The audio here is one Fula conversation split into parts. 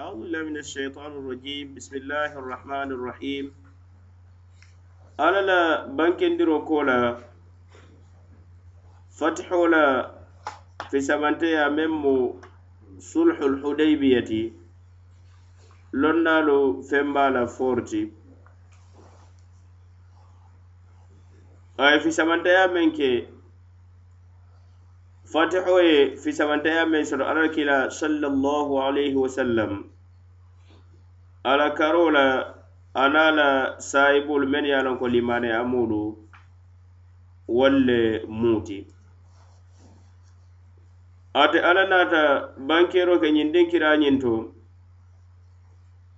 أعوذ بالله من الشيطان الرجيم بسم الله الرحمن الرحيم على لا بانكين ديرو كولا فتحو لا في سمانتيا ممو صلح الحديبية لنالو فمبالا فورتي أي في سمانتيا منكي fatiho ye fisamantaya men soto alal kila sallallahu alayhi wa sallam ala karo la ana la sahibolu men ye lonko limane amolu walle muti ate ala nata bankero ke ñindin kira ñinto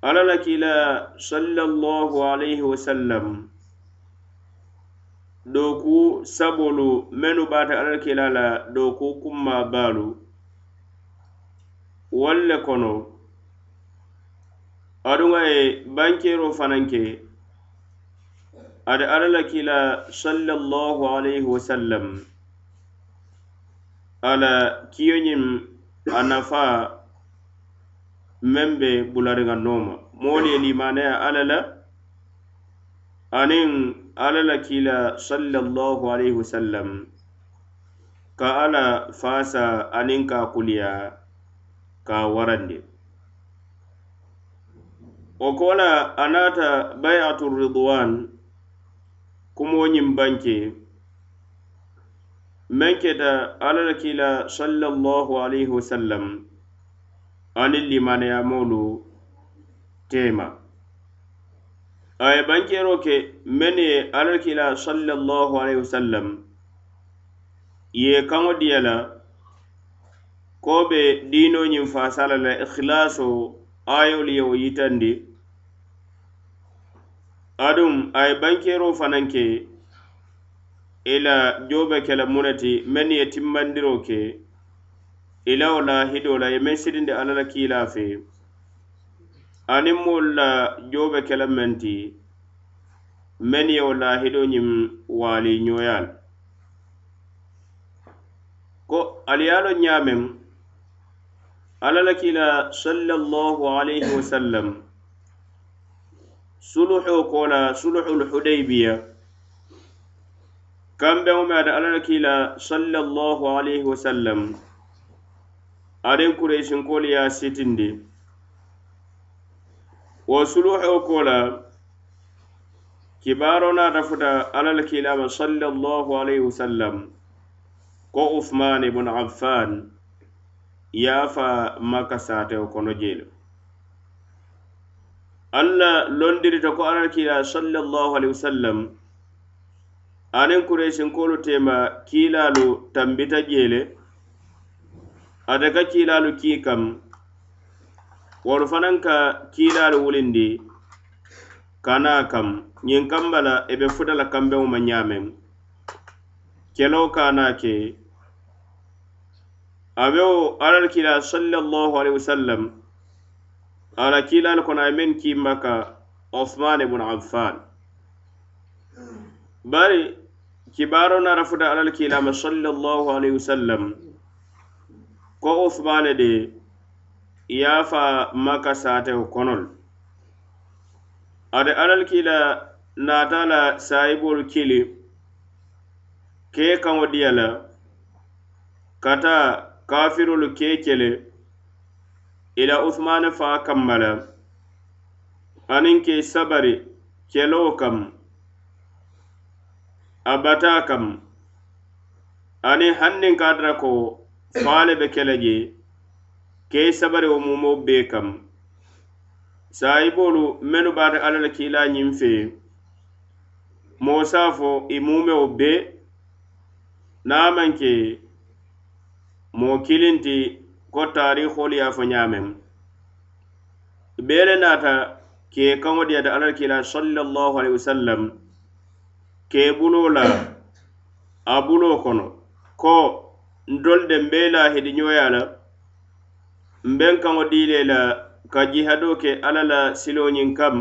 ala la kila sallallahu alayhi wasallam doku sabolu menu bata ala kila la doku kumma balu walle kono aduŋa ye bankero fanaŋ ke ada ala la kila sallallahu alayhi wasallam ala kiyo ñiŋ a nafa meŋ be bulariŋa nooma moolu ye limanaya ala la aniŋ ala la kila sallallahu alayhi wasallam ka ala faasa aniŋ ka kuliya ka warandi o kola a naata bayatu ridwan kumoñin banke men keta alla la kila sallallahu alayhi wasallam ani limaneyamolu tema aye bankero ke men ye alla la kila sallallahu alayhi wasallam ye kaŋo diya la ko be diinoñin fasala la ikhilaso ayolu ye wo yitandi adum ay bankero fanan ke ila jobe kela munati men ye timmandiro ke ila o la hido la yemen sidinde alla la kila fe anin mol la jobe kela menti men ye o la hido ñim wali ñoyal ko aliyalo ñamen alla la kila sallallahu alayhi wa sallam suluhoo kola la suluhul hudaybiya kambeŋo me ate alla la kiila sallallahu alayhi wasallam aniŋ kureysinkoolu ye a sitindi wo suluhoo ko la kibaaro naata futa alla la kiilama sallallahu alayhi wasallam ko usman ibnu affan ye a fa makka saatewo kono jee alla londirita ko alal kila sallallahu alaihi wasallam anin kureshin kolu tema kilalu tambita jele adaka kilalu kikam wal fananka kilalu wulindi kana kam nyin kambala ebe fudala kambe mu manyame kelo kana ke abew alal kila sallallahu alaihi wasallam ala kilal kono ay men kimmaka osman ibnu affan bari kibaro narafuda alal kilama sallallahu alaihi wasallam ko osman de yafa maka sate konol ade alal kila natala saibol kili ke kango diyala kata kafirul kekele kele ila uthmane fa kammala anin ke sabari kelo kam abata kam ani hannin kadra ko faale be keleje ke sabari wo mumo be kam sayibolu menu bata alala kila ñin fe mosafo i mumewo be namanke mo kilinti ko tarikhol ya fo ñamen bele nata ke kanŋo diyata alal kila sallallahu alaihi wasallam ke bulo la a bulo kono ko ndolde nbe lahidi ñoya la nben kanŋo dile la ka jihado ke alla la siloñin kam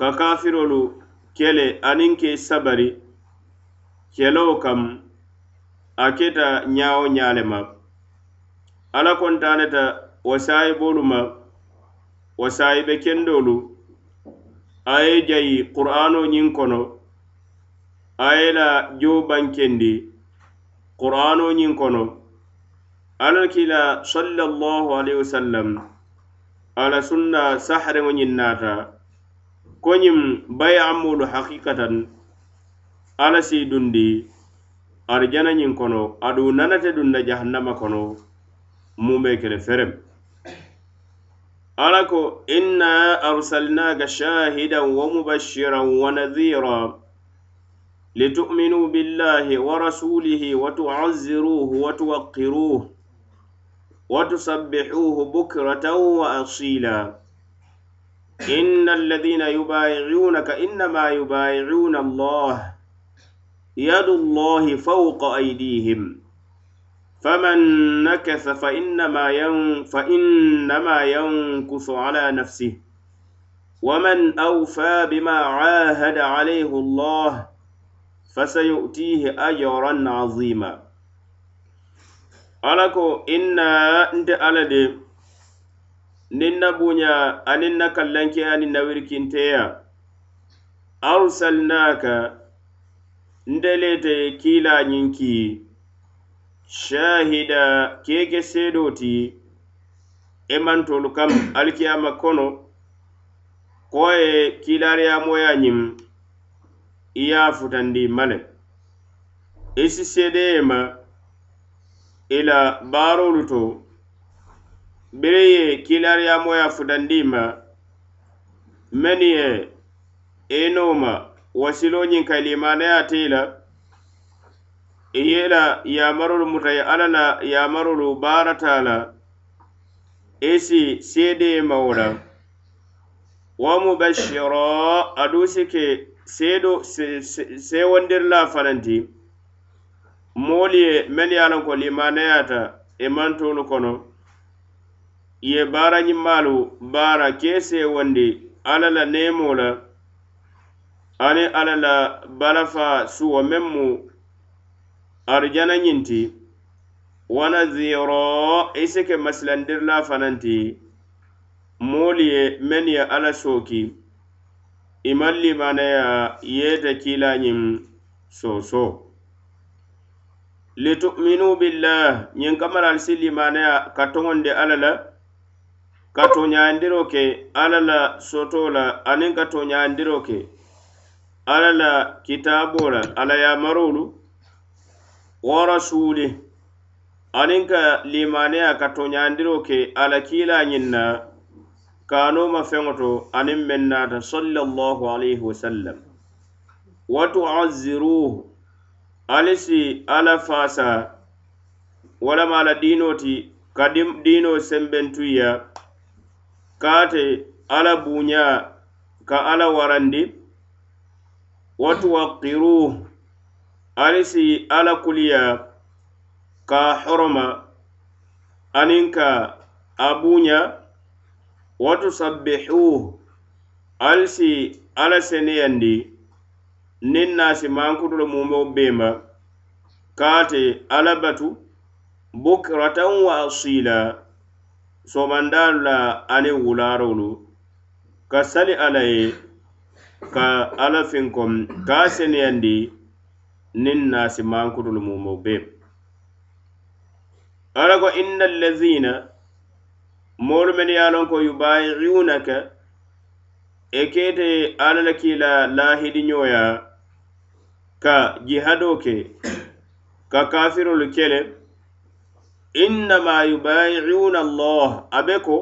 ka kafirolu kele aniŋ ke sabari kelo kam a keta ñawo ñalema ala kontaneta wo sayibolu ma wo sayibe kendolu a ye jayi qur'ano ñiŋ kono a ye la jobankendi qur'ano ñiŋ kono alla kila sallallahu alaihi wasallam ala sunna sahareŋo ñiŋ naata koñiŋ bayamolu haqiqatan ala si dundi arijana ñiŋ kono adu nanate dunna jahannama kono mu be kele ferem ala ko inna arsalnaka shahidan wa mubashiran wa nadhira litu'minu billahi wa rasulihi wa tu'azziruhu wa tuwaqqiruhu wa tusabbihuhu bukratan wa asila إن الذين يبايعونك إنما يبايعون الله يد الله فوق أيديهم فمن نكث فإنما, ين فإنما ينكث على نفسه ومن أوفى بما عاهد عليه الله فسيؤتيه أجرا عظيما alako inna nte ala de niŋ na buɲa aniŋ na kallankeya niŋ na wirikinteya arsalnaka nte le te kiila ñiŋ kii shahida keke sedoti ti e mantolu kam alikiyama kono koye ye kiilaariyamoya iya futandi male isi i si seedeye ma i to bere ye kiilaariyamoya futandi ma meni ye enoma wasiloñin ñiŋ ka iyela e yamarolu muta ye alla la yamarolu baarata la esi seedeye mawola wa mubashiro adu sike seedo sewondirla se, se, se fananti moolu ye mennu ye lanko limanayata e, e, e mantolu kono ye baara ñimmalu baara ke sewondi alla la nemo la ani alla la balafa suwo meŋ mu arjana ñinti wa naziro i si ke masilandirila fananti moolu ye men ye alla sooki i man limanaya yeta kila ñin soso litu'minu billah ñin kamara al si limanaya ka toŋondi alla la ka toñandiro ke alla la soto la aniŋ ka toñandiro ke alla la kitabo la alla yamarolu wa rasuli anin ka limaniya ka to nyandiro ke ala kila nyinna kanu ma fengoto anin menna ta sallallahu alaihi wa sallam wa tu'azziruhu alisi ala fasa wala mala dinoti kadim dino sembentuya kate ala bunya ka ala warandi wa tuwaqqiruhu alisi ala kuliya ka horoma anin ka abuya watu sabbihuh alisi ala seneyandi nin nasi mankutolo mumo bema kate ala batu bukratan wa asila somandalla ani wularolu ka sali alaye ka ala finkom ka seneyandi niŋ naasi maankutulu mumo bee ala ko inna allaziina moolu men ye lonko yubaayiunaka e keete alla la kiila laahidiñoya ka jihado ke ka kafirolu kele innama yubaayiuna allah abe ko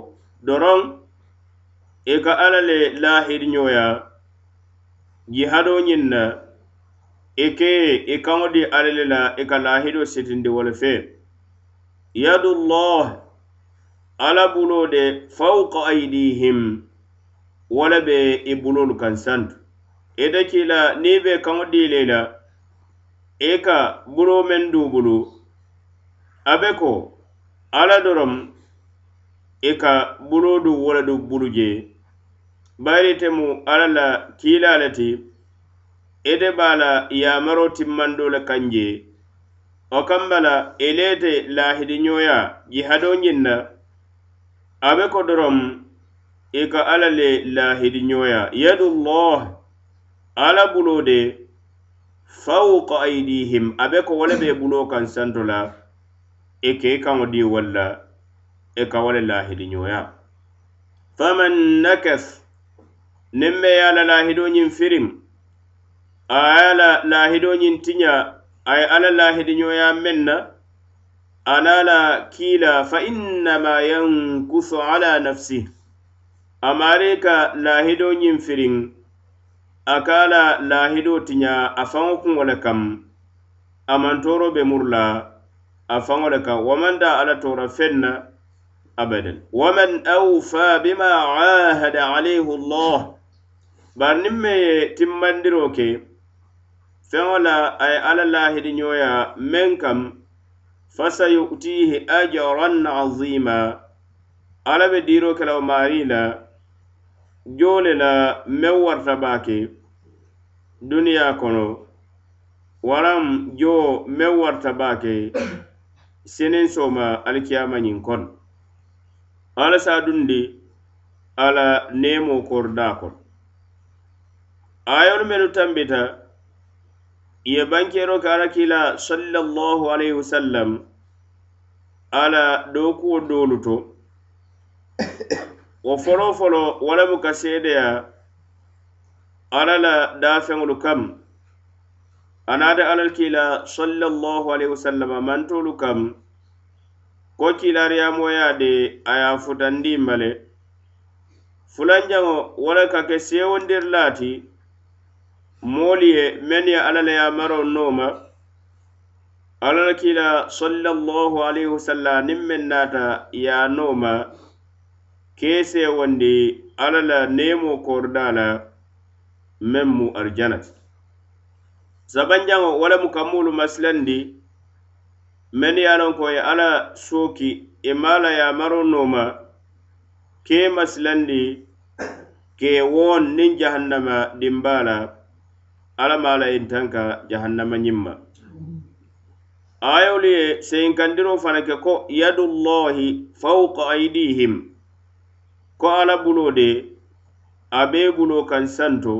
doroŋ e ka alla le laahidiñoya jihado ñiŋ na i e ke i e kaŋo di ali le la i e ka lahido sitindi wole fe yadullah ala bulo de fauka aidihim wole be i bulolu kaŋ santu ite ki la ni be kaŋo di le la i ka bulo meŋ du bulu a be ko ala dorom i ka bulo du wole du bulu je bayiri temu ala la kiila le ti ete be a la yamaro timmando le kanje wo kamba la elete lahidiɲoya jihadoñin na abe ko dorom i e ka alla le lahidiɲoya yadullah alla bulo de fauka aidihim abe ko wole be bulo kan santo la i e ke i kaŋo di walla i e ka wole lahidiɲoya faman nakas niŋ be ye a la lahidoñin firiŋ ayala lahido ñin tiña ay ala lahidiñoya men na anala kila fa innama yankusu ala nafsi amare ka lahido ñin firin akala lahido tiña afaŋo kuŋole kam amantoro be murla afaŋole kam waman da ala tora fen na abadan waman awfa bima ahada alayhi llah bari nin me ye timmandiro ke okay. feŋo la a ye alla lahidi ɲoya meŋ kam fasayu'tihi ajran azima alla be diiro kelawo maari la joole la meŋ warata baake duniya kono waraŋ joo meŋ warata baake sinin soma alikiyama ñiŋ kono alla sa dundi alla neemo koru da kono ayolu menu tambita ye bankero ka ala kila sallallahu alayhi wasallam ala dookuwo doolu to wo foloo folo wala mu ka seedeya ala la daafeŋolu kam anaata ala kila sallallahu alayhi wasallama mantoolu kam ko kilariyamoya de a ye a futandinma le fulanjaŋo wala ka ke seewondirilaa ti moolu ye alala ye alla le yamaroo nooma alla la kiila sallallahu alaihi wasallam niŋ meŋ naata noma a nooma kee seewondi alla la neemoo kooridaa la meŋ mu arijana ti sabanjaŋo wo le mu ka muulu masilandi mennu ye a loŋ ko ye alla sooki i maa la yamaroo nooma kee masilandi kee woon niŋ jahannama dimbaa la ala mala in tanka jahannama nyimma ayawli ye seyin kandiro fana ke ko yadullahi fawqa aydihim ko ala bulo de abe bulo kan santo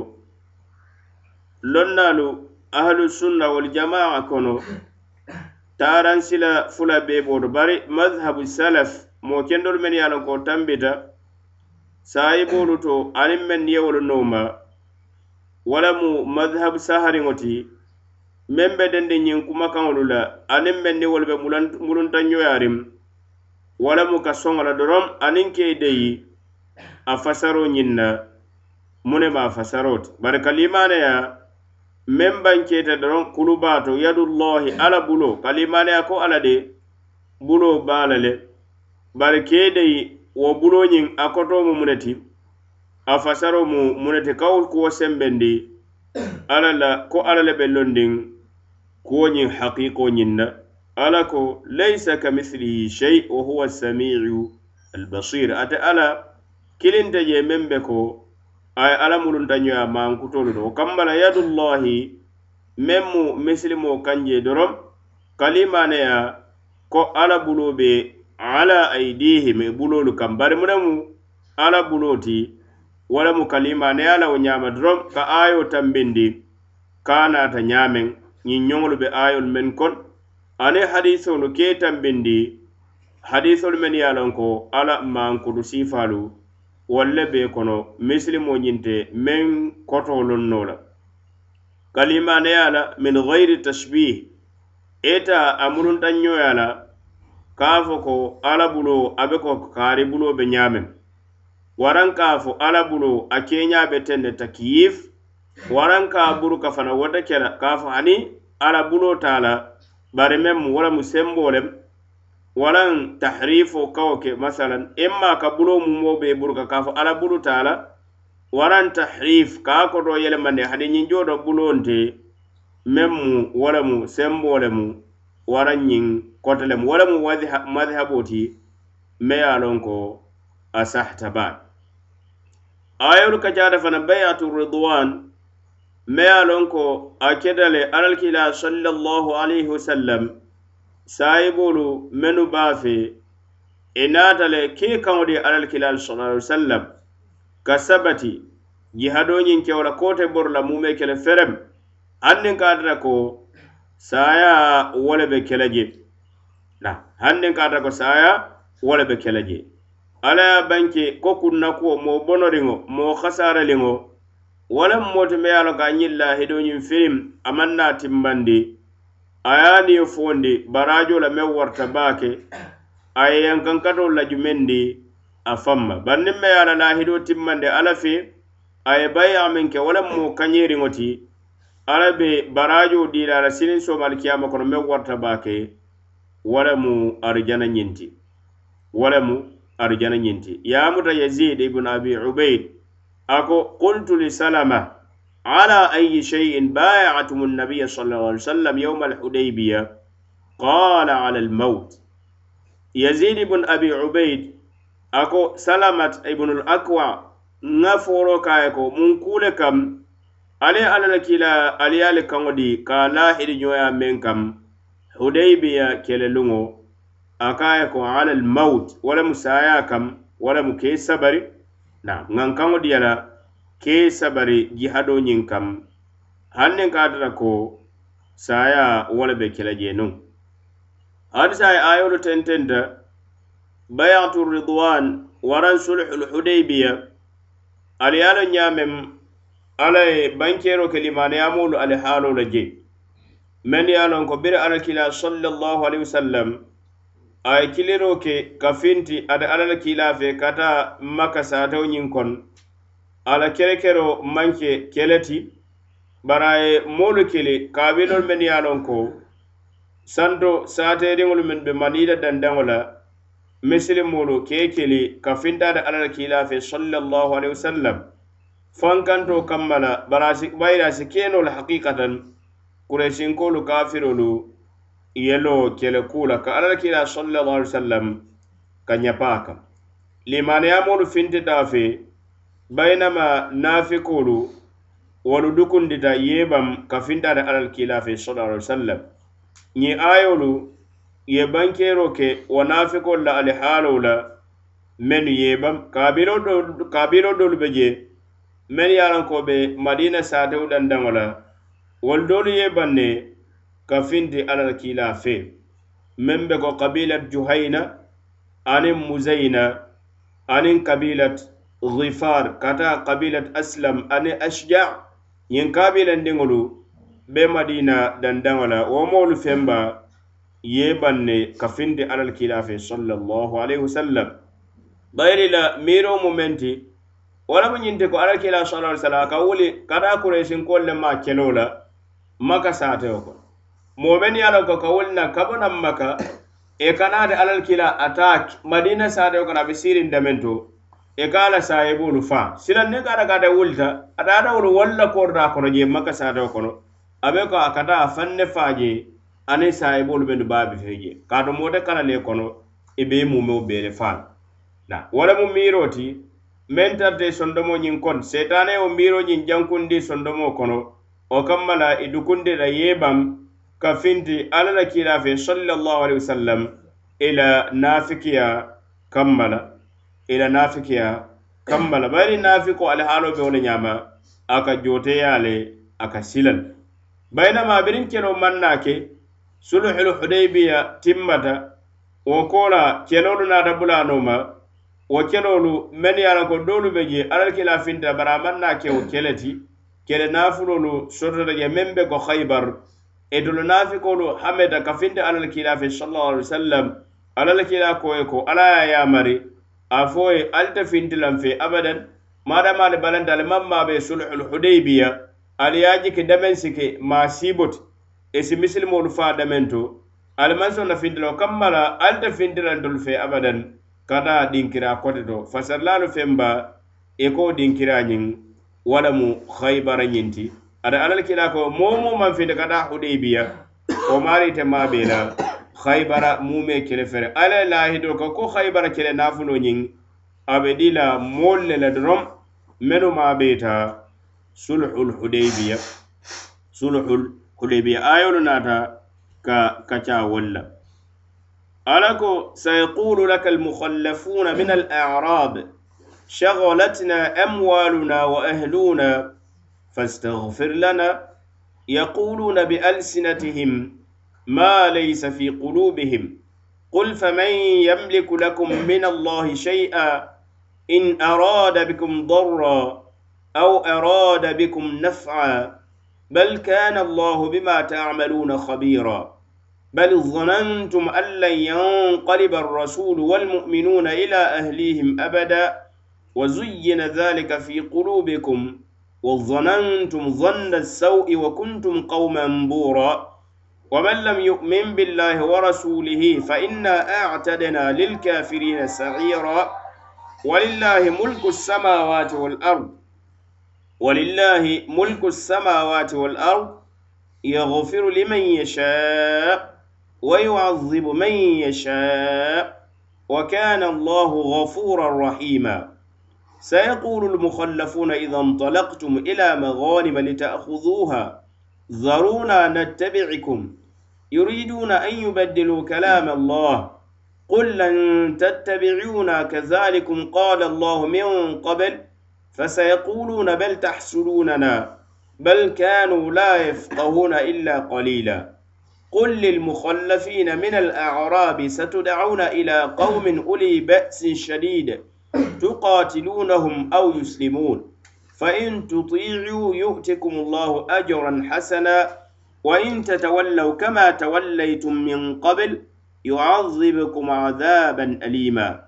lonnalu ahlu sunna wal jamaa kono taran sila fula be bodo bari madhhabu salaf mo kendol men yalon ko tambita sayi bolu to anin men yewol nouma walamu madhhab sahariŋo ti meŋ be dendi ñiŋ kumakaŋolu la aniŋ meŋ ni wolu be muluntanyoyariŋ walamu ka soŋo la doroŋ aniŋ ke i deyi a fasaro ñiŋ na mune ma fasaro ti bari ka limaneya meŋ bankeita doroŋ kulubaato yadullahi alla bulo ka limaneya ko alla de bulo baa la le bari ke i deyi wo buloñiŋ a kotomu mune ti a fasaro mu munete kawo kuwo sembendi alala ko alala be londin kuwo yin hakiko yin na ala ko laisa ka mislihi shay wa huwa samiu albasir ate ala kilinta je membe ko ay ala mulunta ñoya mankutolu do kambala yadullahi men mu misilimo kanje dorom kalimaneya ko ala bulo be ala aidihim e bulolu kam bari munemu ala buloti wala mu kalima ne yala o nyama drom ka ayo tambindi kana ta nyamen ni nyongol be ayo men kon ane hadiso no ke tambindi hadiso men yala ko ala man ko sifalu walle be kono misli mo nyinte men koto lonnola kalima ne yala min ghairi tashbih eta amurun tan nyoyala kafo ko ala bulo abe ko kari bulo be nyamen waranka fo ala bulo a kenya be tende takyif waranka buru ka fana wata kera ka fo ani ala bulo tala bare mem wala musembolem walan tahrifo kawke masalan emma ka bulo mu mo be burka ka fo ala bulo tala waran tahrif ka ko do yele mande hadi nyin jodo bulo nte mem mu wala mu sembolem waran nyin kotelem wala mu wadhi mazhaboti me alonko asahtaba ayolu ka jada fana bayatu ridwan me ye lon ko a kedale alalkila sallallahu alayhi wasallam sayibolu menu bafe i e natale ke kaŋo di alalkilal sallallahu alayhi wasallam ka sabati jihadoñiŋ ke wala kote borla mume kele ferem hannin katata ko saya wole be kele je na hannin katata ko saya wole be kele je ala ya banke ko kunnakuwo moo bonoriŋo moo hasaraliŋo walaŋ moote me ye a lo ka a ñiŋ lahido ñiŋ filim a maŋ naa timbandi a ye a niŋ fondi barajo la meŋ warta baa ke a ye yankankatol la jumeŋ di a famma bari niŋ me ye a la lahido timmandi alla fe a ye bayaa meŋ ke walaŋ moo kañeeriŋo ti alla be barajo diila a la siniŋ somaali kiyama kono meŋ warta baa ke walla mu arijana ñiŋ ti walla mu arjana ñinti yamuta yazid ibn abi ubayd ako qultu li salama ala ayi shay'in bayatum nabiya sallallahu alaihi wasallam yawm alhudaybiya qala ala almaut yazid ibn abi ubayd ako salamat ibn alakwa nga foro kaye ko mun kule kam ale ala la kila ale ale kangodi ka lahidi nyoya men kam hudaybiya kelelungo lungo a kaya ko alal maut wala mu saya kam wala mu ke sabari na ngan kan odi yala ke sabari jihado nyin kam hannen ka tata ko saya wala be kila je nun hadi sai ayo tententa bayatu ridwan waran sulhul hudaybiya ali yala nyamem ala e bankero kelimane amulu ali halo laje men yalon ko bir ala kila sallallahu alaihi wasallam a ye kiliro ke ka finti ate ala la kila fe ka ta makasa atew ñiŋ kon ala kerekero manke keleti bari a ye moolu kili kaabilolu meŋ ye a loŋ ko santo saateriŋolu meŋ be maniida dandaŋo la misilimolu ke ye kili ka finta ate ala la kila fe sallallahu alaihi wasallam fankanto kamma la bari a si bayiri a si keenoolu hakikatan kuresinkoolu kafirolu yelo kele kula ka alala kila sallallahu alaihi wasallam ka nyapaka limani amulu finti dafe bainama nafikulu walu dukundita yebam ka finta da alal kila fe sallallahu alaihi wasallam ni ayolu ye bankero ke wanafiko la alihalo la men yebam kabiro do kabiro do beje men yaran ko be madina sadeu dandangola wal dolu yebanne kafindi alal kilafe meŋ be ko kabilat juhaina aniŋ muzaina aniŋ kabilat gifar kata kabilat aslam ani ashja ñiŋ kabilandiŋolu be madina dandaŋo la wo moolu fenba ye banne kafindi alal kilafe sallallahu alaihi wasallam bayri la miiro mu meŋ ti wo la mu ñinti ko alal kila sallaw alih wasallam a ka wuli kata kureysinkoolu le maa keloo la maka saateo kono momen ye lonko ka wol na kabo nan maka e kanaade alal kila ata madina saade o kana be sirin demen to e ka ala sayebolu fa silan ne kaata kaate wolta ata atawolu wolla korda kono je maka saade o kono abe ko a kata a fanne faje ani sayebolu mendu baabi fe je kaato mote kala ne kono e be mumeo beele faal na wala mu miiro ti men tarte sondomo ñin kon setane o miiro ñin jankundi sondomo kono o kammala e dukundira yebam ka finti alla la kiila fe sallallahu alaihi wasallam ila nafikiya kammala ila nafikiya kammala bari nafiko ala halo be wona nyama aka jote yale aka silal bayna ma birin keno mannake sulhul hudaybiya timmata wo kola kenolu nata bulanoma wo kenolu men yala ko dolu be je alal kila finta bara manna ke wo keleti kele nafulolu sotota je membe ko khaybar idulu e nafikolu hame da kafinde alal kila fe sallallahu alaihi wasallam alal kila ko e ko ala ya yamari afo e alta finde lam fe abadan mada mala balanda le mamma be sulhul hudaybiya ali yaji ke damen sike ma sibot e si misil mo fa damento al manso na finde lo kamala alta finde lan dul fe abadan kada dinkira kode do fasallalu femba e ko dinkira nyin wala mu khaybara nyinti ada alal kila ko momo man finde kada hudaybiya o mari te ma be la khaybara mume kele fere ala lahido ko ko khaybara kele nafulo nyin abe dila molle la drom menu ma ta sulhul hudaybiya sulhul hudaybiya ayol nata ka kacha walla ألكو mukhallafuna min al a'rab shaghalatna amwaluna wa ahluna فاستغفر لنا يقولون بألسنتهم ما ليس في قلوبهم قل فمن يملك لكم من الله شيئا إن أراد بكم ضرا أو أراد بكم نفعا بل كان الله بما تعملون خبيرا بل ظننتم أن لن ينقلب الرسول والمؤمنون إلى أهليهم أبدا وزين ذلك في قلوبكم وظننتم ظن السوء وكنتم قوما بورا ومن لم يؤمن بالله ورسوله فإنا أعتدنا للكافرين سعيرا ولله ملك السماوات والأرض ولله ملك السماوات والأرض يغفر لمن يشاء ويعذب من يشاء وكان الله غفورا رحيما سيقول المخلفون إذا انطلقتم إلى مغانم لتأخذوها ذرونا نتبعكم يريدون أن يبدلوا كلام الله قل لن تتبعونا كذلكم قال الله من قبل فسيقولون بل تحسدوننا بل كانوا لا يفقهون إلا قليلا قل للمخلفين من الأعراب ستدعون إلى قوم أولي بأس شديد تقاتلونهم أو يسلمون فإن تطيعوا يؤتكم الله أجرا حسنا وإن تتولوا كما توليتم من قبل يعذبكم عذابا أليما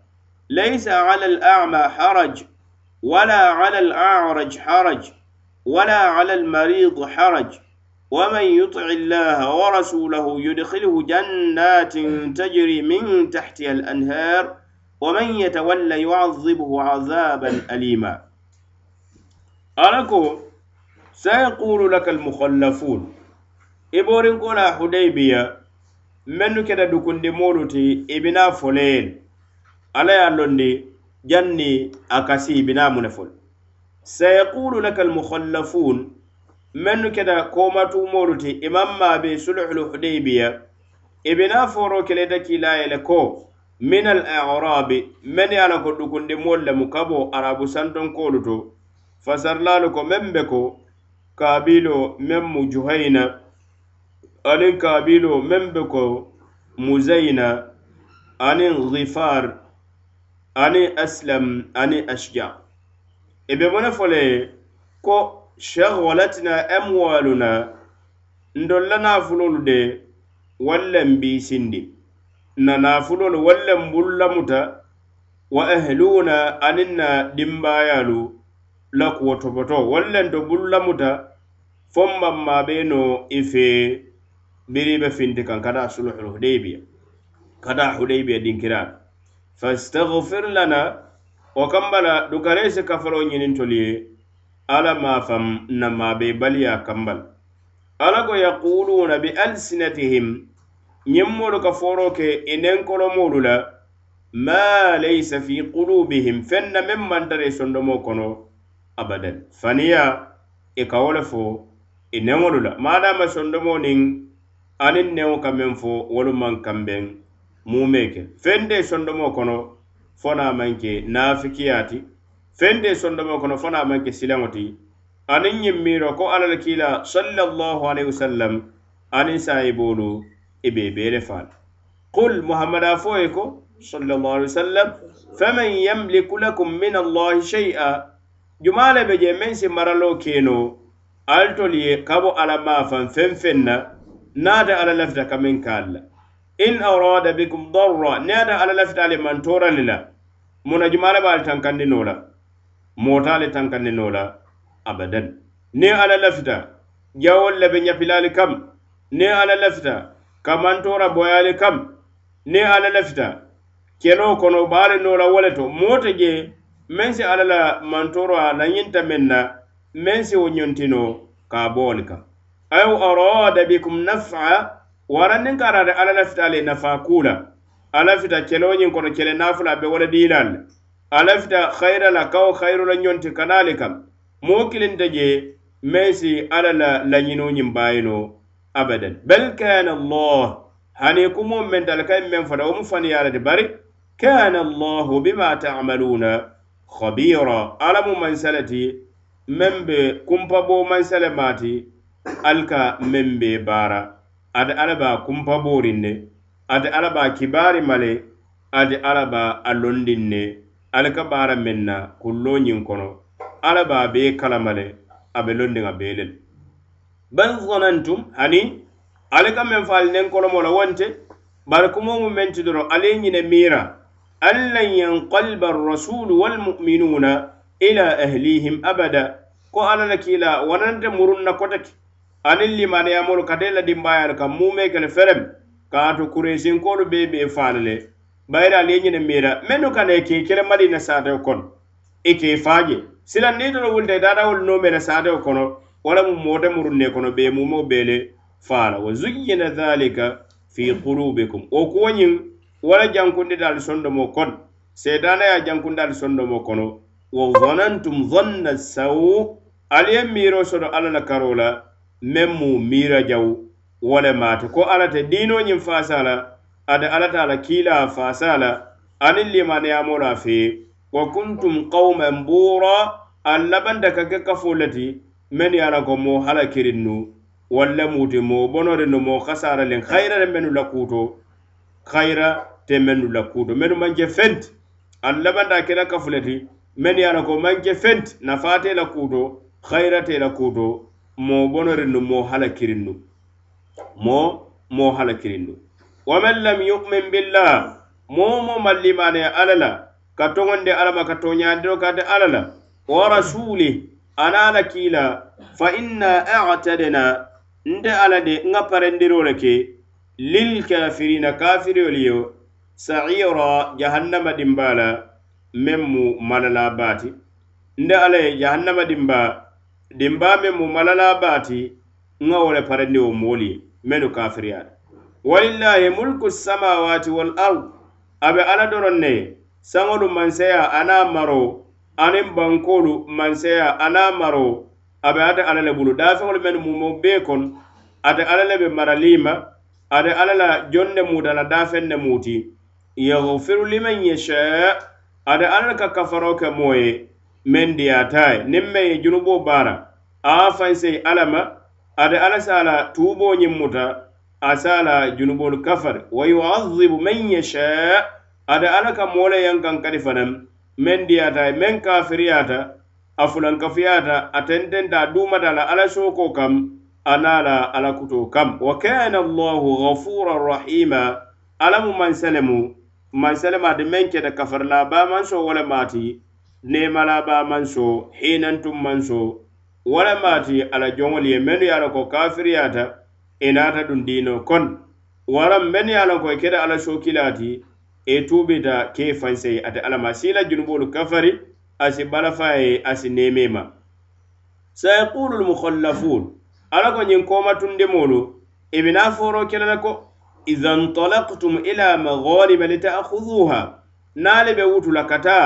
ليس على الأعمى حرج ولا على الأعرج حرج ولا على المريض حرج ومن يطع الله ورسوله يدخله جنات تجري من تحتها الأنهار ومن يتولى يعذبه عذابا أليما ألكو سيقول لك المخلفون إبورين قولا حديبية من كده دكون دي مولوتي إبنا فلين ألا يعلن دي جني أكاسي إبنا منفل سيقول لك المخلفون من كده كوما مولوتي إمام ما بي سلح الحديبية إبنا فورو كلي لا يلكو min al i'rabi men ye a la ko dukundi moolu lemu ka bo arabu santonkoolu to fasarilaalu ko meŋ be ko kabilo meŋ mu juhaina aniŋ kabilo meŋ be ko muzaina aniŋ gifar aniŋ asilam aniŋ ashja i e be bona fo le ko sheikh walatina emwaluna ndolla naafuloolu de wallen biisindi nanafulolu wallenbullamuta wa ahluna aninna dimbayalu lakuwo topoto wallen to bullamuta fomban mabe no ife biribe finti kan kada sulhul hudaybiya kada hudaybiya dinkira fastaghfir lana wa kambala dukaresi kafaro nyinintoliye ala ma fam na mabe baliya kambal ala go yaquluna bi alsinatihim ñiŋ moolu ka fooroo ke i e neŋ kolo moolu la ma laysa fi qulubihim feŋ na meŋ mantara i e sondomoo kono abadan faniya i e ka wo le fo i neŋolu la maadama sondomoo niŋ aniŋ neŋo ka meŋ fo wolu maŋ kambeŋ mume ke feŋ de sondomoo kono fo na maŋ ke naafikiya ti feŋ de sondomoo kono fo na maŋ ke silaŋo ti aniŋ ñiŋ miiro ko alla le kiila sallallahu alaihi wasallam aniŋ saayiboolu e ɓe ɓeele faal qul muhammad a fooye ko sallallahu alayhi wa sallam faman yamliku lakum min allahi shay'a jumaale ɓe je meŋ si maraloo keno altol ye kabo ala maafan feŋ feŋ na naata ala lafita kamiŋ kaal la in arada bikum darra neata ala lafita ale mantora le la muna jumaale ba ale tankandi noo la moota ale tankandi noo la abadan niŋ ala lafita jawol le be ñapilaali kam niŋ ala lafita kaman tora boyali kam ni ala lafita kelo kono bare no la wale to mota je mensi ala la mantoro na yinta menna mensi o nyontino ka bolika ay arada bikum naf'a waran nin kara da ala lafita le nafa kula ala fita kelo nyin kono kele nafula be wala dilal ala fita khaira la kaw khairu la nyonti kanalika mo kilinta je mensi ala la la nyino nyimbayino abadan bal kana allah hani kumo men dal kay men fada um fani yala de bari kana allah bima ta'maluna khabira alamu man salati men be kumpa bo man salamati alka men be bara ad alaba kumpa borinne ad alaba kibari male ad alaba alondinne alka bara menna kullo nyin kono alaba be kalamale abe londinga belel ban zonantum ani ali ka meŋ faali neŋ kolomo la wonte bari kumo mu meŋ ti doroŋ ali ye ñine miira an lan yanqaliba arrasulu walmuminuna ila ahlihim abada ko alla la kiila wanante murun na kota ke limaniyamolu kate la dimbayalu kaŋ mume kele ferem kaatu kureesinkolu bee be faali le bayira ale ni ñine miira mennu kana ke kere madina saateo kono i ke faaje silanniitolo wulta i daatawolu noomere saateo kono wala mu moota murunne kono ɓe mumo ɓeele faala wa zuyyina dhalika fi qulubikum o kuwoñin wala jankundita al sondomo kon seedana ya jankunda al sondomo kono wa zanantum zanna sawu aliye miiro sono alla la karola men mu miira jaw wole maate ko alate diinoñin faasala ada alata la kiila faasala anin limaneyamola fee wa kuntum qauman buura al labanta ka ke kafo lati men ye a la ko moo hala kirin nu walla muti moo bonori nu moo kasara len hayrare mennu la kuuto hayra te mennu la kuuto mennu manje fenti al labanta kela kafuleti men ye a la ko manje fenti nafaate la kuuto hayra te la kuuto moo bonori nu moo hala kirin nu moo moo hala kirin nu wa man lam yu'min billah moo mo mallimaane ala la ka toŋonde alama ka toñandiro kate ala la wa rasuli anaa la kiilaa fa inna a'tadna nde ala de nga parendiro le ke lil kafirina kafiriyo liyo sa'ira jahannama dimbala memmu malala bati nde ala ye jahannama dimba dimba memmu malala bati nga wole parendi wo moli menu kafiriyada walillahi mulku samawati wal ard abe ala doron ne sangolu manseya ana maro anin bankolu manseya ana maro abe ate ala le bulu daafeŋolu menu mumo bee kon ate ala le be maralima ate ala la jon ne mutala daafeŋ ne muti yahfiru liman yasha ate ala le ka kafaro ke moo ye meŋ diyaataye niŋ meŋ ye junuboo baara a fansei ala ma ate ala se a la tuuboo ñiŋ muta a se a la junuboolu kafari wa yuazibu maŋ yasha ate ala ka moo le yaŋ kaŋ kadi fanaŋ meŋ diyaataye meŋ kafiriyaata a fulankafiyata a dumata la ala shoko kam anala ala kuto kam wa kana allahu ghafuran rahima ala mu ba man so wala mati ne mala ba man so hinan tum manso so wala mati ala jongol ye men ya ko kafiriyata i naata duŋ diino kono waraŋ ko keda ala sokilaati e tuubita ke fanseyi ate ala ma sila kafari asi balafa ye asi nemema sayaqulu lmukhallafun ala ko ñin komatundemolu ibina foro kelana ko iza ntalaktum ila magalima litakhuduha naale be wutula kata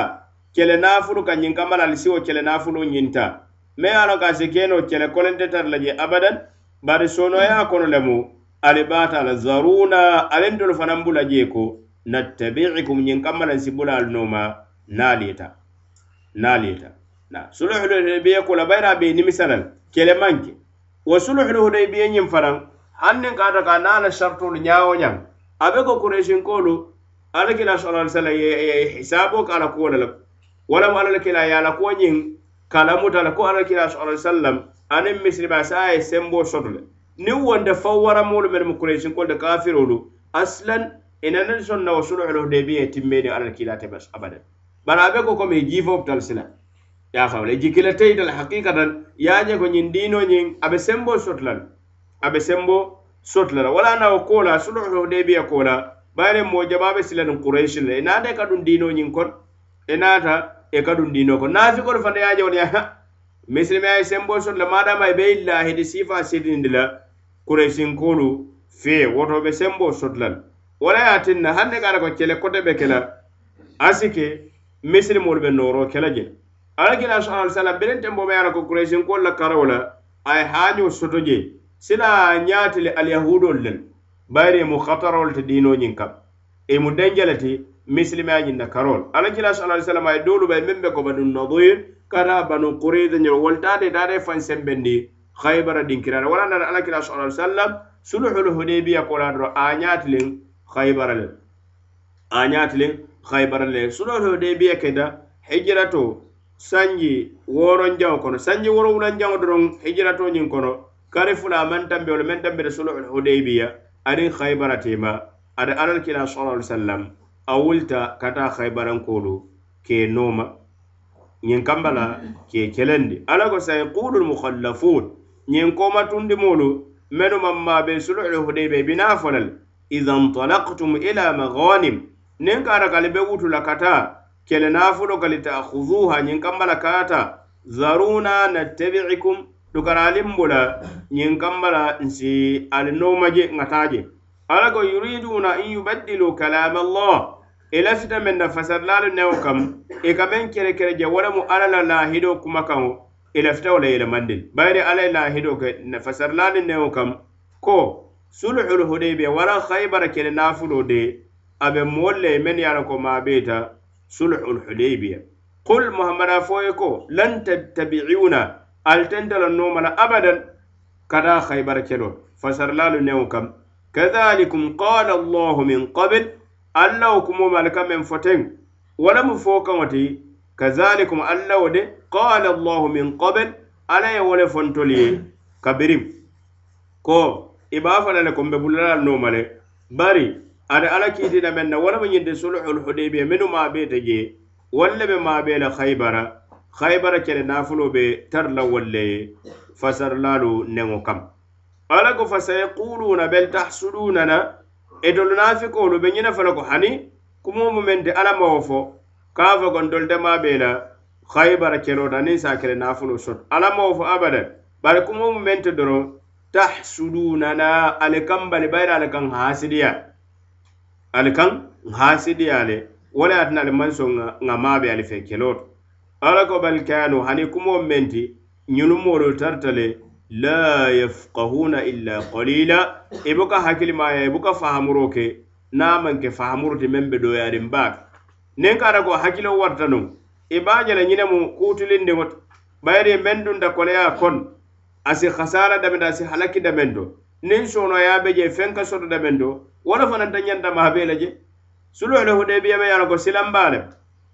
kele nafulu ka ñin kamalali siwo kele nafulu ñinta ma alon ka si keno kele kolentetar la ñe abadan bari sonoya kono lemu ali batala zaruna alendolu fanan bula je ko nattabicikum ñin kamalan si bulalu noma naalita naalita na suluhulu hudaybiya kula bayra be nimisanan kele manke wa suluhulu hudaybiya nyim faran hannin kada ka nana shartul nyawo nyam abe ko kureshin kolu alakila sallallahu alaihi wasallam ye hisabo kala ko wala wala wala kila ya la ko nyin kala mutala ko alakila sallallahu alaihi wasallam anin misri ba sa ay sembo shotule ni wonde fawara mulu men kureshin kolde kafirulu aslan inanan sunna wa suluhulu hudaybiya timmede alakila tabas abadan bara be ko komi jifoptal sila ya xawle jikila teyital haqiqatan yaaje ko ñin diino ñin abe sembo sotlan abe sembo sotlana wala na wo kola sulhuo debiya kola bayre mo jababe silanin quraishin la enata e kadum diino ñin kon enata e, e kadum diino kon nafikol fana yaaje wona yaha misilima ye sembo sotla madama e be illa hedi sifa sidindi la quraishin kolu fe wotoɓe sembo sotlan wala ya tinna hande kara ko cele kote be kela asike misiri moolu be nooro kela je ala kila subhana wa sallam benen tembo be ala ko kuraisin ko la karaw la ay haño soto je sila nyaati le al yahudo len bayre mu khatarol te dino nyin kam e mu denjalati misiri ma nyin da karol ala kila subhana wa sallam ay dolu be membe ko banu nadir kara banu quraida nyol woltade dade fan sembendi khaybara dinkirara wala nana ala kila subhana wa sallam suluhul hudaybiya ko la do a nyaati le khaybara le a nyaati le xaybarale sunoto de biya kenda hijirato sanji woronjaw kono sanji woro wulanjaw doron hijirato ñin kono kari fula man tambe wala man tambe de sulhul hudaybiya ari khaybara tema ada alal kila sallallahu alaihi wasallam awulta kata khaybaran kolu ke noma nyen kambala ke kelendi alako say qulul mukhallafun nyen koma tundi molu menu mamma be sulhul hudaybiya binafalal idhan talaqtum ila maghanim niŋ kaata kali be wutula kata kele naafulo kali ta khuzuha ñiŋ kamba la kaata zaruna nattabi'ikum dukara alim bula ñiŋ kamba la nsi ali noomaje ŋa taa je ala ko yuriduna an yubaddilu kalama allah i e lasita meŋ na fasarilaalu newo kam i e ka meŋ kere kere je wo le mu alla la laahido kuma kaŋo i e lafita wo la yelemandil bayiri alla ye laahido ke na fasarilaalu newo kam ko sulhul hudaybiya wara khaybara kele naafulo de a be moolu le men ye a ko maa beeta sulhul hudaybiya qul muhammada fo ko lan tattabi'una altenta la abadan kada haybara kelo fasarlaalu neŋo kam kadhalikum qala allahu min qabil alla wo kumo mal ka meŋ foteŋ walamu fo kaŋo ti kadhalikum alla wo de qala allahu min qabil alla ye wo le fontolu ye kabirim ko i be a fana ko n be bulala nooma bari ada ala kiitina men na wala ma ñinde sulhul hudaybiya minu ma be ta je walla be ma be la khaybara khaybara kere nafulo be tar la walle fasar lalu nengo kam ala ko fa sayquluna bal tahsuduna na edol nafikolu be ñina fala ko hani kumo mu men de ala ma wofo kafa gon dol de ma be la khaybara kero da ni sa kere nafulo sot ala ma wofo abada bar kumo mu men te doro tahsuduna na ale kambale bayra ale kan hasidiya ali kaŋ hasidi ale wala atina ali manso ŋa maabe ali fe kelo to ala ko bal kanu hani kumo menti ñunumolu tartale la yafkahuna illa qalila ibuka e hakilimaya ibuka e fahamuro ke namanke fahamuruti meŋ be doyarin baake niŋ kata ko hakkilo warta nu i baaje le ñinemu kutulindiŋo ti bayiri e meŋ dunta koleya kon asi hasara damendo asi halaki damendo niŋ sonoya be je feŋ ka soto damendo wala fana dañanta mahabe la je suluhulu hudaybiya yala ko silambale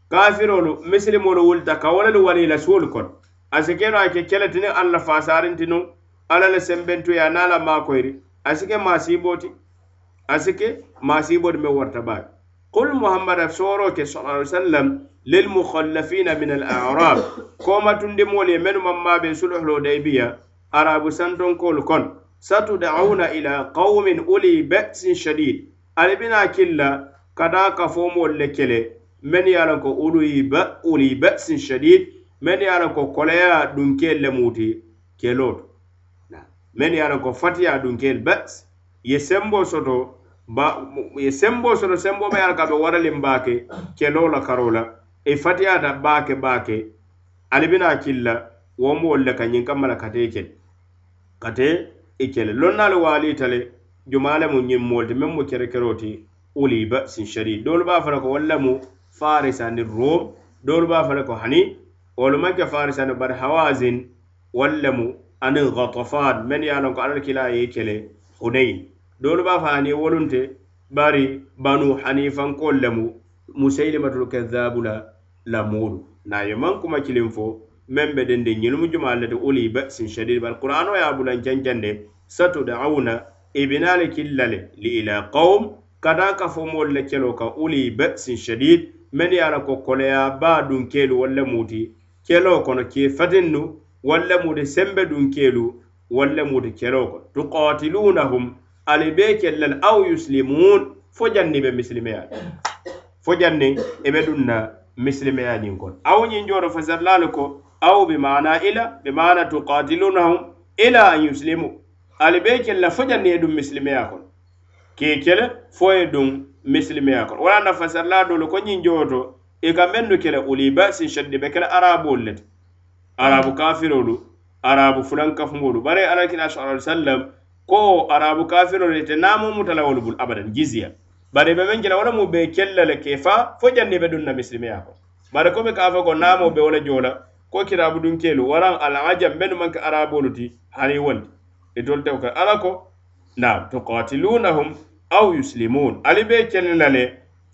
kafirolu misilimolu wulta ka walalu walila suwolu kono a si keno a ke keletini alla fasarintinu alla le sembentuya nala makoyri a sike masiboti a sike masiboti me warta bai قل محمد صلى الله عليه وسلم للمخلفين من الأعراب كما تندمولي من مما بين صلح لو ديبيا أراب سنتون كل كون satudauna ila qaumin uli basin shadid ali bina killa kada ka fo mol le kele men yala ko uli ba uli basin shadid men yala ko kolaya dun kelle muti kelo na men yala ko fatiya dun kel bas ye sembo soto ba ye sembo soto sembo ma yala ka be warali mbake kelo la karola e fatiya da bake bake ali bina killa wo mol le ka nyin kamala kate kete kate i e kele lonnaalu waaliita e le jumaa lemu ñiŋ moolu ti meŋ mu kerekero ti uli basin sharid doolu be a fo le ko wolu lemu farisani rom doolu be a fo le ko hani wolu maŋ ke farisani bari hawasin wolu lemu aniŋ gatofan meŋ ye a loŋ ko alla kila ye i kele hunayin doolu be a fo ani e wolunte bari banu hanifankoolu lemu musailimatul kazabula lamoolu naŋ ye maŋ kuma kiliŋ fo men be dende ñilumu juma lati uli basin shadid bar qur'ano ya bulan janjande satu da'awna ibinale killale li ila qawm kada ka fo mol le kelo ka uli basin shadid men ya la ko kole ya ba dun kelu walle muti kelo kono ki fatinnu walle muti sembe dun kelu walle muti kelo ko tuqatilunahum ali be kellal aw yuslimun fo janni be muslimiya fo janni e be dunna muslimiya ni kon aw ni njoro fa zallal ko aw bemana ila bemana tuqatilunahum ila an yuslimu ali be kella fo janne ye dum misilimeya kono ke kele fo ye dum misilimeya kono wala na fasarla dolo ko ñin jowoto i e ka men nu kele uli basin shaddi be kele arabol lete arabu kafirolu arabu fulankafumolu bare alakila sa ai sallam ko arabu kafirolu lete namumutalawolu bul abadan jizya bare be men kela wala mu be kella le ke fa fo janne be dum na misilimeya kono bare komi kafa ko namo be wala jola ko kirabu dun kelu waran ala ajam menu manka arabolu ti hani wondi idol e taw ka ala ko na tuqatilunahum aw yuslimun ali be chenlale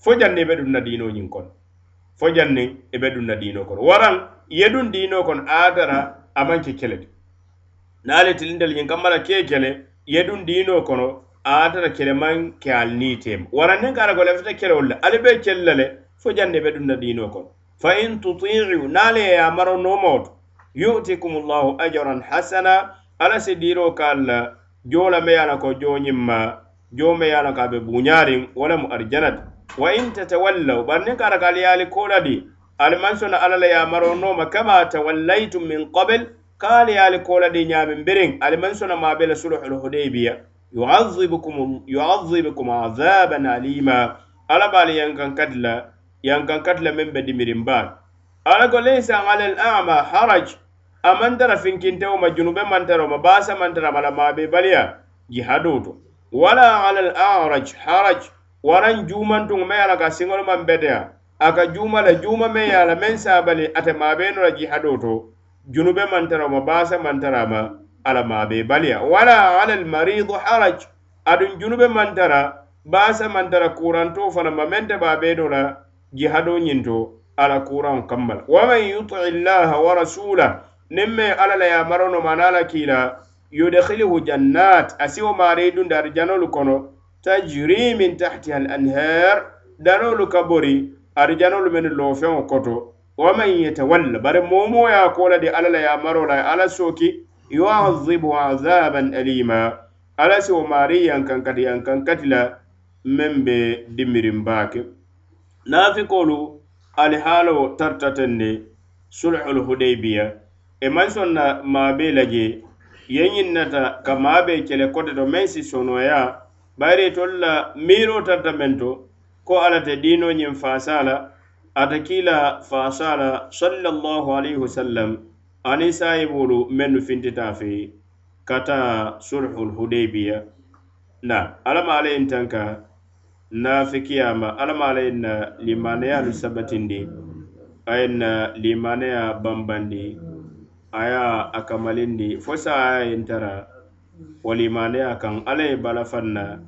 fo janne be dun nadino nyin kon fo janne e be dun nadino kon waran yedun dino kon adara amanke keledi na ale tilindel nyin kamala ke kele yedun dino kono atara kele man ke alni tem waran nen kala go lefta kele wala ali be chenlale fo janne be dun nadino kono فإن تطيعوا نالي يا مرو نوموت يؤتكم الله أجرا حسنا ألا سديرو كالا جولا ميانكو جو نما جو ميانكا ببنيار ولا مؤرجنت وإن تتولوا برنك على قال يالي كولا دي المنسون ألا يا مرو نوم كما توليتم من قبل قال يالي كولا دي نعم برنك المنسون ما بلا سلوح الهديبية يعذبكم يعذبكم عذابا أليما ألا بالي ينكن كدلا yankankatila meŋ be dimirin baalu alla ko laysa alal ama haraj a mantara finkintewo ma junube mantara ma baasa mantara mala maabe baliya jihaduto wala alal araj haraj waran jumantuŋ ma yala ka siŋolu maŋ beteya a ka juma la juma me ye la meŋ sabali ate maabeno la jihaduto junube mantara ma baasa mantara ma ala maabe baliya wala alal maridu haraj aduŋ junube mantara baasa mantara kuranto fana ma meŋ te baabeno la jihado ñinto ala kuraŋo kamma la waman yuti llaha wa rasula niŋ meŋ alla la yamaronoma ana la kiila yudkhilihu jannat asiwo maari dunda ar janolu kono tajri min tahtiha al anhar danolu ka bori ar janolu meŋ loofeŋo koto waman yatawalla bari momo ya kola di alla la yamaro la alla sooki yuazibu azaban alima alla siwo maari yankankati yankankati la meŋ be dimirin baake nafikolu ali halo tartatende sulhul hudaybiya e man sonna maabe laje yeyinnata ka maabe kele kote to men si sonoya bayri tol la miiro tarta men to ko alate ɗinoñin fasala ata kila fasala sallallahu alayhi wasallam ani sayibolu mennu fintita fe kata sulhul hudaybiya na alama alayin tanka nafikiyama alamala inna eh, limaneyalu sabatindi aye na eh, limaneya bambandi aya akamalindi fo sa aya yintara wo limaneya kan alla ye balafanna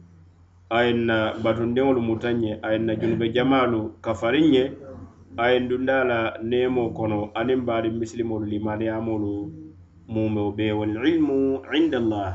aye na eh, batundiŋolu mutanye aye na junube jamalu kafariŋye aye dunda la nemo kono aniŋ baadi misilimolu limaneyamolu mumeo be walilmu indallah